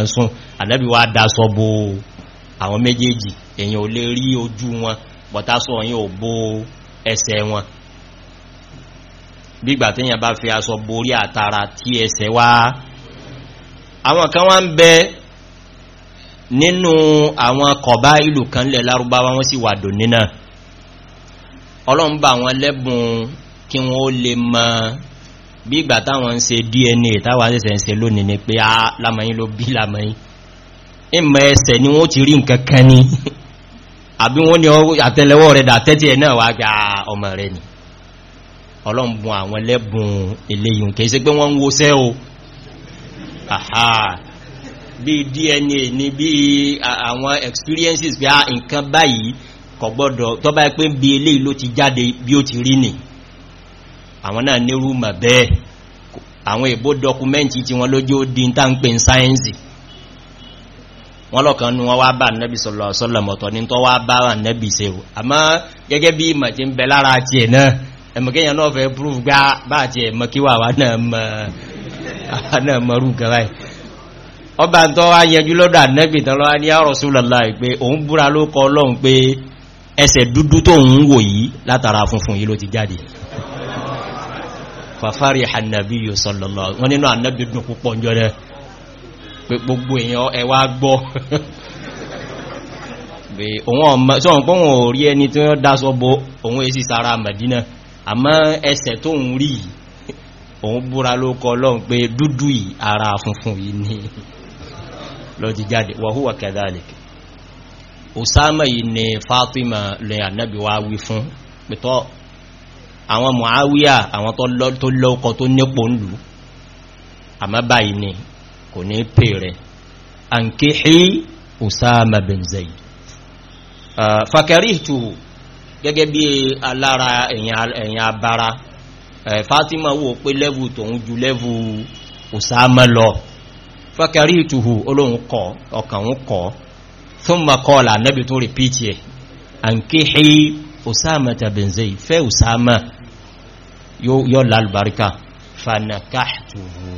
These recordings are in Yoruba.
náà sún ànábì wá dáṣọ bo àwọn méjèèjì èyàn ò lè rí ojú wọn bọ̀tásọ yìí ò bo ẹsẹ̀ wọn bí gbàtíyàn bá fi aṣọ borí àtàrà tí ẹsẹ̀ wá àwọn kan wá ń bẹ nínú àwọn kọ̀bá ìlú kan lẹ̀ lárúbáwá wọ́n sì wà dò nínà ọlọ́run bá wọn lẹ́bùn kí wọ́n ó lè máa bí ìgbà táwọn ń ṣe dna táwà ṣẹ̀ṣẹ̀ ń ṣe lónìí ni pé a ah, lámọ́yìn ló bí lámọ́yìn ìmọ̀ ẹsẹ̀ ni wọ́n ti rí nǹkan kan ní àbí wọ́n ní àtẹ́lẹwọ́ rẹ̀ dàtẹ́tì ẹ̀ náà wá gba ah, ọmọ rẹ̀ ni ọlọ́mbùn àwọn lẹ́bùn eléyìn kìí pé wọ́n ń wo sẹ́ o àhá bí dna ni bí àwọn experiences bí a ah, nǹkan báyìí kò gbọ́dọ̀ tó bá pé bí eléyìí ló ti jáde bí ó ti rí nìí àwọn náà ní rúmà bẹ́ẹ̀ àwọn ìbò dọkumẹ́ntì tí wọ́n lójú di ń tán pè ń sáyẹ́nsì wọ́n lọ́kàn ní wọ́n wá bá nẹ́bì sọ̀lọ̀sọ́lọ̀ mọ̀tọ̀ ní tọ́ wá bá nẹ́bì se o àmá gẹ́gẹ́ bí ìmọ̀ tí ń bẹ lára ti ẹ̀ náà ẹ̀mọ̀kẹ́yàn náà fẹ́ proof gbá bá ti ẹ̀mọ̀ kí wà wá náà mọ̀rú gẹ́ráì fàfàrí ànàbí yóò sọ̀lọ̀lọ̀ wọn nínú ànàbí dùn púpọ̀ jọ rẹ̀ pé gbogbo èèyàn ẹwà gbọ́ sọ́wọ́n pọ́ wọn ò rí ẹni tí wọ́n dá sọ́bọ̀ òun èsì sára Mẹ̀dínà àmọ́ ẹsẹ̀ tó ń rí òun búra ló kọ lọ́n pé dúdú ara funfun yìí ni lọ jáde wàhúwà kẹdàlẹ̀ Usama yìí ni Fatima lẹ́yìn ànàbí wá wí fún pẹ̀tọ́ àwọn Muawiya àwọn tó lọ́ọ̀kọ́ tó nípò ń lù àmá báyìí ni kò ní pè rẹ̀ ankihi Usama bin Zaid gẹ́gẹ́ bí alára ẹ̀yìn abara Fatima wò pé lẹ́vù tòun ju lẹ́vù Usama lọ fakarihtuhu olóhun kọ̀ ọkàn ń kọ̀ thumma qala nẹ́bì tó Usama bin Zaid fẹ́ Usama yóò lálùbáríkà fanakahtuhu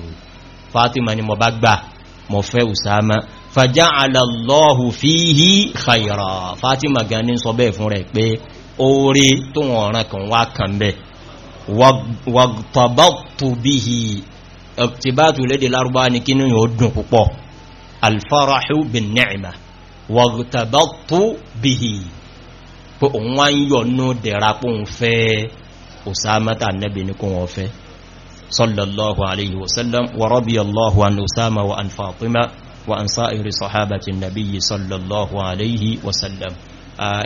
fatima ni mo bá gbà mo fẹ́ usama faja'ala Allahu fihi khayra fatima gan ní sọ bẹ́ẹ̀ fún rẹ̀ pé oore tó wọn ọ̀ràn kan wá kan bẹ́ wagtabatu bihi iktibatu lédè òun wá ń yọ̀ nú dẹ̀ra pé fẹ́ òsámátà nẹ́bì ní kún wọ́n fẹ́ sallallahu alayhi wasallam wa radiyallahu an usama wa an fatima wa an sa'iri sahabati nabiyyi sallallahu alayhi wasallam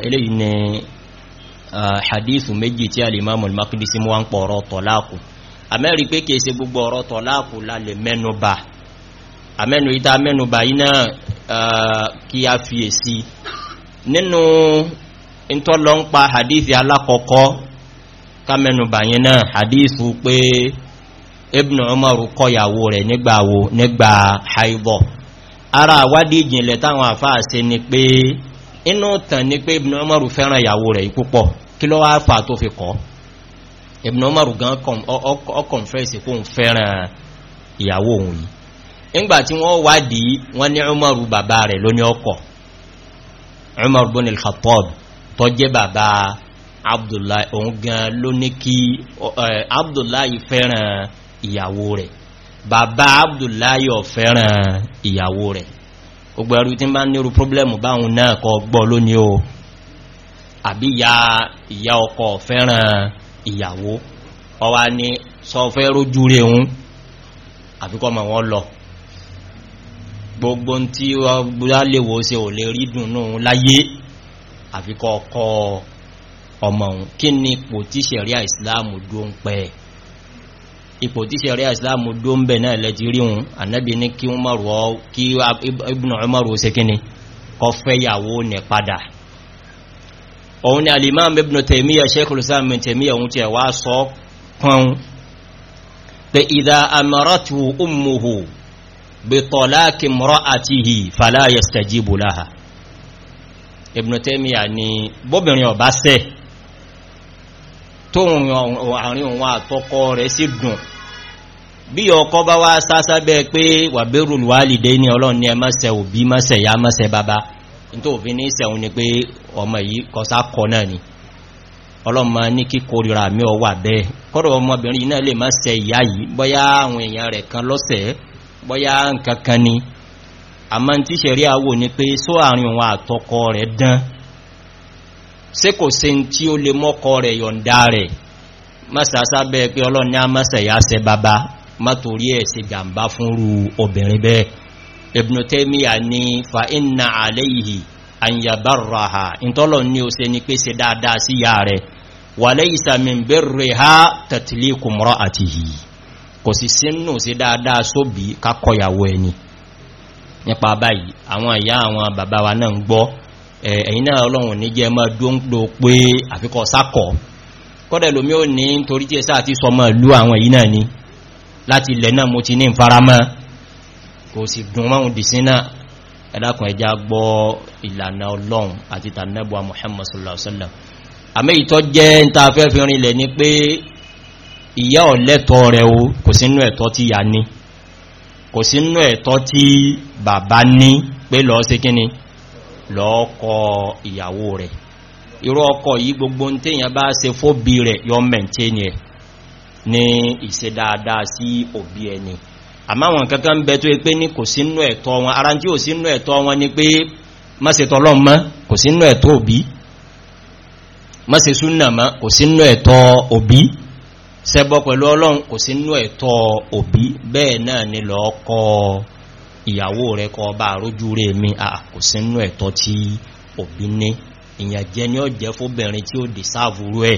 eléyìí ni hadithu méjì tí al-imam al-maqdisi mú wá ń pọ̀rọ̀ tọ̀láàkù amẹ́rí pé kìí ṣe gbogbo ọ̀rọ̀ tọ̀láàkù lálẹ̀ mẹ́nubà amẹ́nu ìta mẹ́nubà yìí náà kí a fiyèsí nínú ìtọ́lọ hadithi alákọ̀ọ́kọ́ kámẹ́nubà yẹn náà hadithu pé ibn umar kọyàwó rẹ̀ nígbàwó nígbà haibọ̀ ara àwádìí ìjìnlẹ̀ táwọn àfáà se ni pé inú tàn ní pé ibn umar fẹ́ràn ìyàwó rẹ̀ púpọ̀ kí ló wá tó fi kọ́ ibn umar gan ọkọ̀nfẹ́sì kó ń fẹ́ràn ìyàwó òun yìí nígbà tí wọ́n wádìí wọ́n ní umar bàbá rẹ̀ ló ní ọkọ̀ umar bin al tó jẹ́ bàbá abdullahi òun gan ló ní kí abdullahi fẹ́ràn ìyàwó rẹ̀ bàbá abdullahi ò fẹ́ràn ìyàwó rẹ̀ gbogbo ẹrù tí bá nírú pọ́blẹ́mù báhùn náà kọ gbọ́ lónìí o àbí ya ìyá ọkọ fẹ́ràn ìyàwó ọwá ní sọ fẹ́ rójú rẹ̀ hun àbíkọ́ ma wọ́n lọ gbogbo tí ọgbúrá lè wọ́ sí ò lè rí dùn láyé àfikọ́ ọkọ̀ ọmọ òun kí ni ipò tí sẹ̀ríà ìsìláàmù dó ń pẹ́ ipò tí sẹ̀ríà ìsìláàmù dó ń bẹ̀ náà lẹ́ti rí hun ànábì ní kí Ibn Umar ṣe kí ni kọ fẹ́yàwó nẹ̀ padà òun ni al-Imam Ibn Taymiyyah Shaykhul Islam Ibn Taymiyyah òun ti ẹ̀wà sọ pọ́n pé Ibn Taymiyyah ni bóbìnrin ọ̀bá sẹ́ẹ̀ tó àrin òun àtọkọ rẹ̀ sí dùn bí ọkọ bá wá sásá bẹ́ pé wà bẹ́rù lùwálìdé ní ọlọ́run ní ẹmọ́sẹ̀ òbí mọ́sẹ̀ ya mọ́sẹ̀ bàbá ní tó òfin ní ìsẹ̀hun ni pé ọmọ yìí kọsá kọ náà ni ọlọ́mọ ní kíkòrìrà mí ọ wà bẹ́ẹ̀ kọ́rọ̀ ọmọbìnrin náà lè má ṣe ìyá yìí bọ́yá àwọn èèyàn rẹ̀ kan lọ́sẹ̀ bọ́yá nǹkan kan ni àmọ́ tí ṣẹ̀rí àwò ni pé só òun àtọkọ rẹ̀ dán ṣé kò se ń tí ó lè mọ́kọ rẹ̀ yọ̀ǹda rẹ̀ mọ́sàásá bẹ́ẹ̀ pé ọlọ́run ní a mọ́sàáyá ṣe bàbá má torí ẹ̀ ṣe jàǹbá fúnrú obìnrin bẹ́ẹ̀ Ibn Taymiyyah fa inna alayhi an yabarraha ìtọ́lọ̀ ní o ṣe ni pé ṣe dáadáa sí ya rẹ̀ wa laysa min birriha tatliqu imra'atihi kò sì sínú ṣe dáadáa sóbi kakọyàwó ẹni nípa báyìí àwọn ẹ̀yìn náà ọlọ́run ní jẹ́ mọ́ dóńdó pé àfikọ́ sákọ̀ kọ́dẹ̀ lómi ó ní torí tí ẹ sáà ti sọ mọ́ lú àwọn èyí náà ni láti ilẹ̀ náà mo ti ní ìfaramọ́ kò sì dùn mọ́un dìsín náà ẹ̀dàkùn ẹja gbọ́ ìlànà ọlọ́run àti Muhammad sallallahu alaihi wasallam àmì ìtọ́ jẹ́ ń ta fẹ́ fi rinlẹ̀ ni pé ìyá ọ̀lẹ́tọ̀ rẹ̀ o lọ́ọ̀kọ́ ìyàwó rẹ̀ irú ọkọ̀ yìí gbogbo tíyàn bá se fóbi rẹ̀ yọ mẹ́ntẹ́ni ẹ̀ ní ìṣe dáadáa sí òbí ẹni àmáwọn kankan ń bẹ tó pé ní kò sínú ẹ̀tọ́ wọn ara tí ò sínú ẹ̀tọ́ wọn ni pé má ṣe ìyàwó rẹ̀ kọ bá rójú rẹ̀ mi àkò sínú ẹ̀tọ́ tí òbí ní ìyàn jẹ́ ní ọjẹ́ fóbìnrin tí ó dì sáàvúrú ẹ̀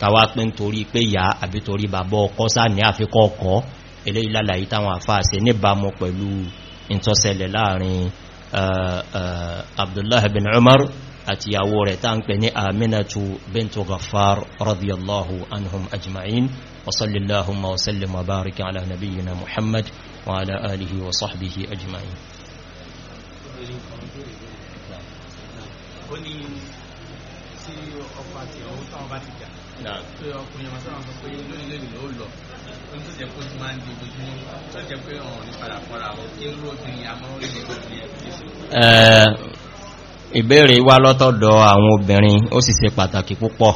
tàwà pín torí pé ìyá àbí torí bàbá ọkọ sáà ní àfikọ́ ọkọ̀ eléyìí lálàyé táwọn àfáàsẹ̀ níbàmọ́ pẹ̀lú ìtọ́sẹ̀lẹ̀ láàrin abdullahi bin umar àti ìyàwó rẹ̀ وعلى آله وصحبه أجمعين Náà. Pé ọkùnrin ọmọ sáwọn sọ pé lónìí lónìí ló lọ. Ó ní tó jẹ́ pé Ìbéèrè wá lọ́tọ̀dọ̀ àwọn obìnrin ó sì ṣe pàtàkì púpọ̀.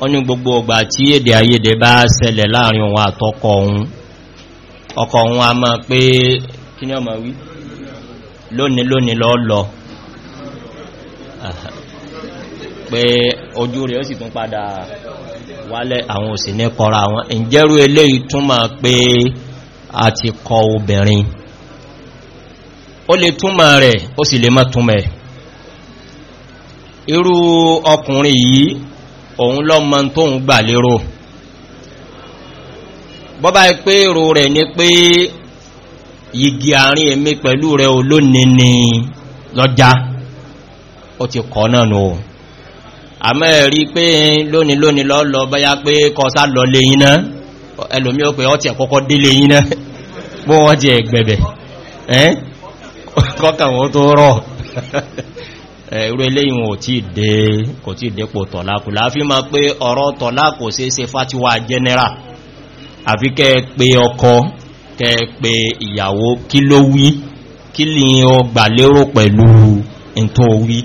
Ó ní gbogbo ọgbà tí èdè àìyedè bá ṣẹlẹ̀ láàrin òun àtọkọ òun ọkọ̀ òun a máa pé kí ní ọmọ wí lónìí lónìí lọ lọ pé ojú rẹ̀ ó sì tún padà wálẹ̀ àwọn òsì ní kọra àwọn ìjẹ́rú eléyìí túnmà pé a ti kọ obìnrin ó lè túnmà rẹ̀ ó sì lè má túnmà irú ọkùnrin yìí òun lọ́mọ tóun gbà lérò bọ́bá pé èrò rẹ̀ ní pé yìgì àárín èmi pẹ̀lú rẹ̀ olónìí ni lọ́já ó ti kọ́ náà nù àmọ́ ẹ̀rí pé lónìí lónìí lọ́lọ́ báyá pé kọsá lọ lè yín náà ẹlòmí ó pé ọtí ẹ̀kọ́kọ́ dé lè yín náà bó wọ́n jẹ ẹgbẹ̀bẹ̀ ẹ̀rọ eléyìn ò tí dé kò tí dépò tọ̀lákù láàfí ma pé ọ̀rọ̀ tọ̀lákù sí ṣe fátíwà general àfi kẹ́ pé ọkọ kẹ́ pé ìyàwó kí ló wí kí lè ọ gbàlérò pẹ̀lú ǹtọ́ wí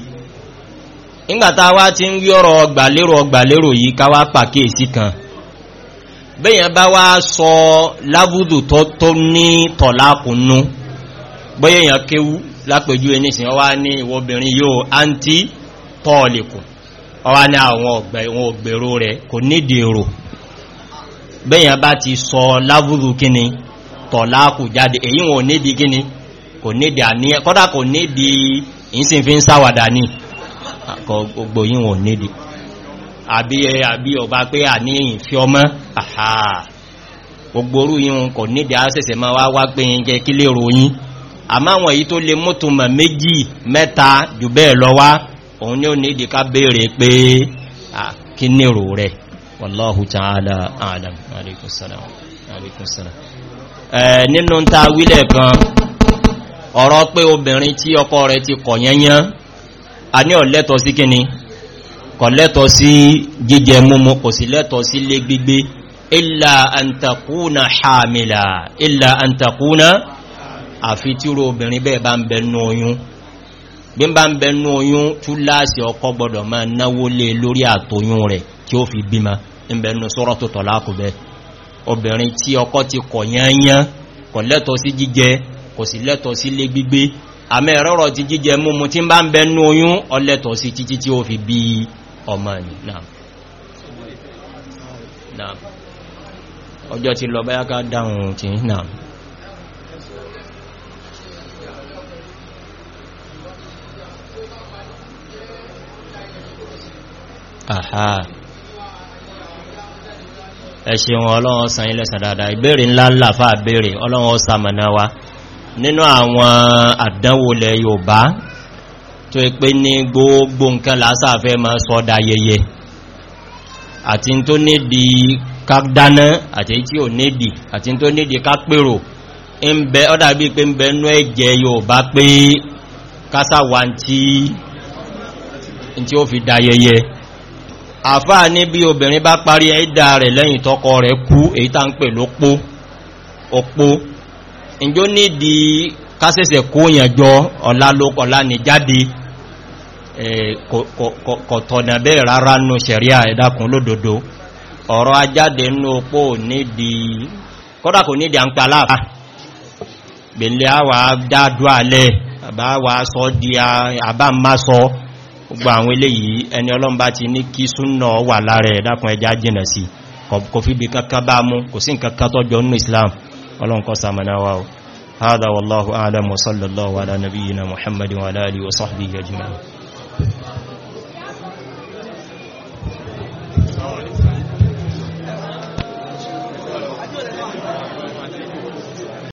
ìgbàta wá ti ń rí ọ̀rọ̀ gbàlérò gbàlérò yìí ká wá pàkíyèsí kan bẹ́yàn bá wá sọ lábúdù tó tó ní tọ̀lákùnnú bọ́yẹ̀yàn kéwú lápẹjú ẹnìsìn ọwá ní ìwọ̀bìnrin yóò àǹtí tọ́ọ̀lẹ̀kùn ọwá ní àwọn ọ̀gbẹ̀rò rẹ̀ kò nídìí èrò bẹ́yàn bá ti sọ lábúrú kíni tọ̀lá kò jáde èyí wọn nídi kíni kò nídi àní kọ́dá kò nídi ìsìn fi ń sáwàdà ní gbogbo yí wọn nídi àbí àbí ọba pé àníyàn fi ọmọ àhà gbogbo orú yí wọn kò nídi àṣẹ̀ṣẹ̀ máa wá wá pé yẹn kí lè ròyìn àmá àwọn èyí tó lè mọ́tùmọ̀ méjì mẹ́ta jù bẹ́ẹ̀ lọ wá òun ní ò nídi ká béèrè pé kí nírò rẹ̀ wallahu ta'ala a'lam alaykum salam alaykum salam nínú ta wílẹ̀ kan ọ̀rọ̀ pé obìnrin tí ọkọ rẹ̀ ti kọ̀ yẹnyán a ní ọ̀lẹ́tọ̀ sí kíni kọ̀ lẹ́tọ̀ sí jíjẹ múmu kò sí lẹ́tọ̀ sí lé gbígbé illa an takuna hamila illa an takuna àfi tíru obìnrin bẹ́ẹ̀ bá ń bẹnu oyún bí ń bá ń bẹnu oyún túláàsì ọkọ gbọdọ̀ máa náwó lé lórí àtoyún rẹ̀ tí ó fi bímọ ìbẹ̀nu sọ́rọ̀ tó tọ̀lá kò bẹ́ obìnrin tí ọkọ ti kọ̀ yányán kò lẹ́tọ̀ sí jíjẹ kò sì lẹ́tọ̀ sí lé gbígbé àmẹ́ ẹ̀rọ̀rọ̀ ti jíjẹ múmu tí bá ń bẹnu oyún ọlẹ́tọ̀ sí títí tí ó fi bí ọmọ ni náà ọjọ́ ti Aha ẹ̀ṣẹ̀ wọn ọlọ́wọ́ san ilẹ̀ sàdádá ìbéèrè ńlá ńlá fà béèrè ọlọ́wọ́ sàmànà wa nínú àwọn àdánwòlẹ̀ Yorùbá tó pé ní gbogbo nǹkan lásàfẹ́ ma sọ́dá yẹyẹ àti tó nídi kádáná àti tí ò nídi àti tó nídi kápèrò ọdàbí pé ń bẹ àfáà ní bí obìnrin bá parí ẹ̀dà rẹ̀ lẹ́yìn tọ́kọ rẹ̀ kú èyí tá ń pè lópó òpó ìjó nídi kásẹ̀sẹ̀ kó yànjọ ọ̀lá lókọ̀lá ní jáde kọ̀tọ̀nà bẹ́ẹ̀ rárá nù sẹ̀ríà ẹ̀dàkùn lódòdó ọ̀rọ̀ ajáde nú opó nídi kọ́dà kò nídi à ń palá gbèlé àwà dádúà lẹ́ àbáwà sọ́ di àbá má gbogbo àwọn eléyìí ẹni ọlọ́mbá ti ní kí súnnà wà lára ẹ̀dàkùn ẹja jìnà sí kò fi bí kankan bá mú kò sí nǹkan kan tọ́jọ nínú islam ọlọ́nkọ́ samanawa